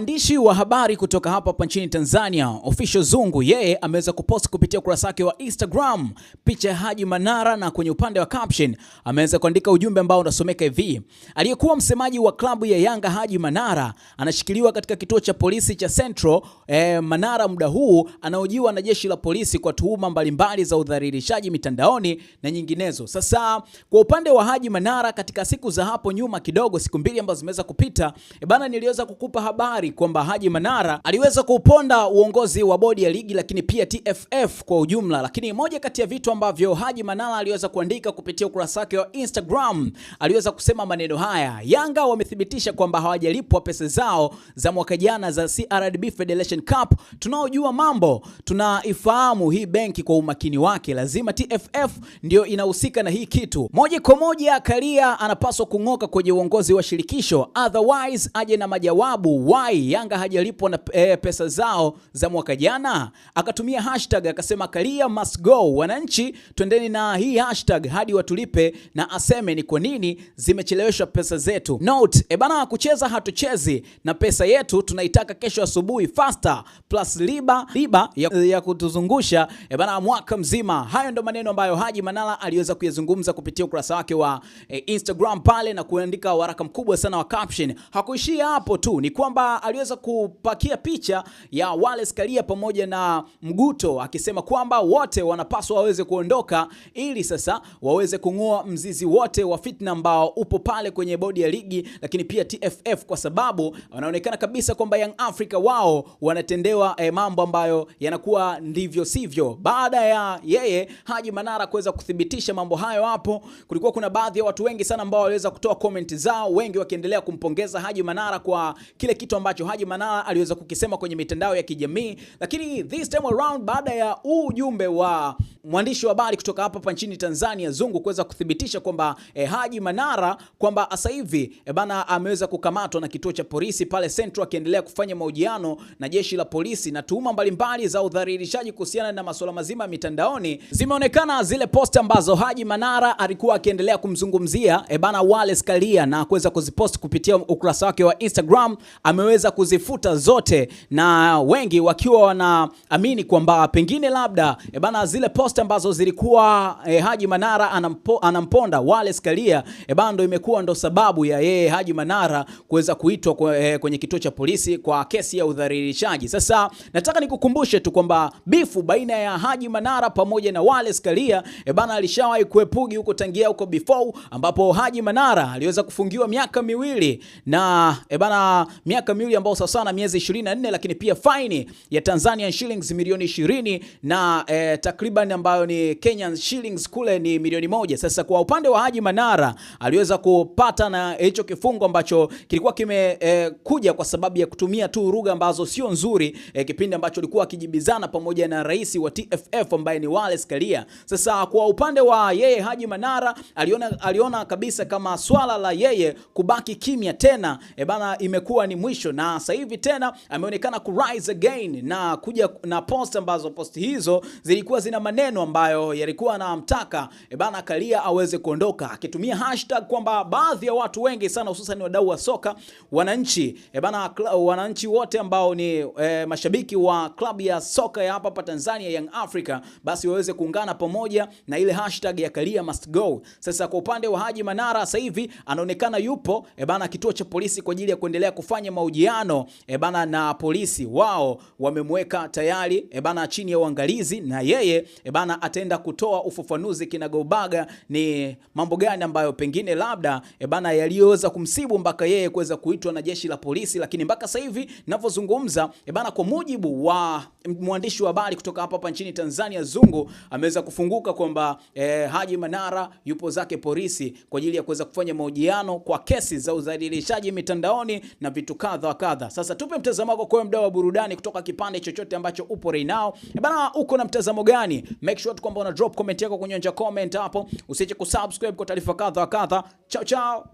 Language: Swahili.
Mwandishi wa habari kutoka hapa hapa nchini Tanzania Official Zungu, yeye ameweza kupost kupitia ukurasa wake wa Instagram picha ya Haji Manara, na kwenye upande wa caption ameweza kuandika ujumbe ambao unasomeka hivi: aliyekuwa msemaji wa klabu ya Yanga Haji Manara anashikiliwa katika kituo cha polisi cha Central. Eh, Manara muda huu anaojiwa na jeshi la polisi kwa tuhuma mbalimbali za udhalilishaji mitandaoni na nyinginezo. Sasa kwa upande wa Haji Manara, katika siku za hapo nyuma kidogo, siku mbili ambazo zimeweza kupita, e bana, niliweza kukupa habari habari kwamba Haji Manara aliweza kuuponda uongozi wa bodi ya ligi, lakini pia TFF kwa ujumla. Lakini moja kati ya vitu ambavyo Haji Manara aliweza kuandika kupitia ukurasa wake wa Instagram, aliweza kusema maneno haya: Yanga wamethibitisha kwamba hawajalipwa pesa zao za mwaka jana za CRDB Federation Cup. Tunaojua mambo tunaifahamu hii benki kwa umakini wake, lazima TFF ndio inahusika na hii kitu moja kwa moja. Karia anapaswa kung'oka kwenye uongozi wa shirikisho, otherwise aje na majawabu why Hey, Yanga hajalipwa na e, pesa zao za mwaka jana. Akatumia hashtag akasema Karia must go. Wananchi, twendeni na hii hashtag hadi watulipe na aseme ni kwa nini zimecheleweshwa pesa zetu. Note, e bana, kucheza hatuchezi na pesa yetu tunaitaka kesho asubuhi faster plus liba liba ya, ya kutuzungusha e bana mwaka mzima. Hayo ndo maneno ambayo Haji Manara aliweza kuyazungumza kupitia ukurasa wake wa e, Instagram pale na kuandika waraka mkubwa sana wa caption. Hakuishia hapo tu, ni kwamba aliweza kupakia picha ya Wallace Karia pamoja na Mguto akisema kwamba wote wanapaswa waweze kuondoka ili sasa waweze kung'oa mzizi wote wa fitna ambao upo pale kwenye bodi ya ligi, lakini pia TFF, kwa sababu wanaonekana kabisa kwamba Young Africa wao wanatendewa eh, mambo ambayo yanakuwa ndivyo sivyo. Baada ya yeye Haji Manara kuweza kuthibitisha mambo hayo, hapo kulikuwa kuna baadhi ya watu wengi sana ambao waliweza kutoa comment zao, wengi wakiendelea kumpongeza Haji Manara kwa kile kitu ambacho ambacho Haji Manara aliweza kukisema kwenye mitandao ya kijamii, lakini this time around, baada ya huu ujumbe wa mwandishi wa habari kutoka hapa hapa nchini Tanzania Zungu kuweza kuthibitisha kwamba eh, Haji Manara kwamba sasa hivi eh, bana ameweza kukamatwa na kituo cha polisi pale Central akiendelea kufanya mahojiano na jeshi la polisi, na tuhuma mbalimbali za udhalilishaji kuhusiana na masuala mazima ya mitandaoni zimeonekana, zile post ambazo Haji Manara alikuwa akiendelea kumzungumzia eh, bana Wallace Karia na kuweza kuzipost kupitia ukurasa wake wa Instagram ameweza waliweza kuzifuta zote, na wengi wakiwa wanaamini kwamba pengine labda e bana zile post ambazo zilikuwa e, Haji Manara anampo, anamponda Wallace Karia e bana ndo imekuwa ndo sababu ya yeye Haji Manara kuweza kuitwa kwe, kwenye kituo cha polisi kwa kesi ya udhalilishaji. Sasa nataka nikukumbushe tu kwamba bifu baina ya Haji Manara pamoja na Wallace Karia e bana alishawahi kuepugi huko tangia huko before ambapo Haji Manara aliweza kufungiwa miaka miwili na e bana miaka miwili mbili ambao sawa sana miezi 24, lakini pia faini ya Tanzanian shillings milioni 20 na eh, takriban ambayo ni Kenyan shillings kule ni milioni moja. Sasa kwa upande wa Haji Manara aliweza kupata na hicho kifungo ambacho kilikuwa kimekuja eh, kwa sababu ya kutumia tu lugha ambazo sio nzuri eh, kipindi ambacho alikuwa akijibizana pamoja na rais wa TFF ambaye ni Wallace Karia. Sasa kwa upande wa yeye Haji Manara aliona, aliona kabisa kama swala la yeye kubaki kimya tena eh, bana imekuwa ni mwisho na sasa hivi tena ameonekana ku rise again na kuja na post ambazo post hizo zilikuwa zina maneno ambayo yalikuwa anamtaka e bana Karia aweze kuondoka, akitumia hashtag kwamba baadhi ya watu wengi sana hususan wadau wa soka, wananchi e bana, wananchi wote ambao ni e, mashabiki wa klabu ya soka ya hapa Tanzania Young Africa, basi waweze kuungana pamoja na ile hashtag ya Kalia must go. Sasa kwa upande wa Haji Manara, sasa hivi anaonekana yupo e bana kituo cha polisi kwa ajili ya kuendelea kufanya maujiano mahojiano e bana na polisi, wao wamemweka tayari e bana chini ya uangalizi, na yeye e bana ataenda kutoa ufafanuzi kinagaubaga ni mambo gani ambayo pengine labda e bana yaliyoweza kumsibu mpaka yeye kuweza kuitwa na jeshi la polisi. Lakini mpaka sasa hivi ninavyozungumza e bana, kwa mujibu wa mwandishi wa habari kutoka hapa hapa nchini Tanzania Zungu ameweza kufunguka kwamba e, Haji Manara yupo zake polisi kwa ajili ya kuweza kufanya mahojiano kwa kesi za udhalilishaji mitandaoni na vitu kadha kadha. Sasa tupe mtazamo wako kwa mdau wa burudani kutoka kipande chochote ambacho upo right now. E bana, uko na mtazamo gani? Make sure tu kwamba una drop comment yako kwenye nja comment hapo. Usiache kusubscribe kwa taarifa kadha kadha. Chao chao.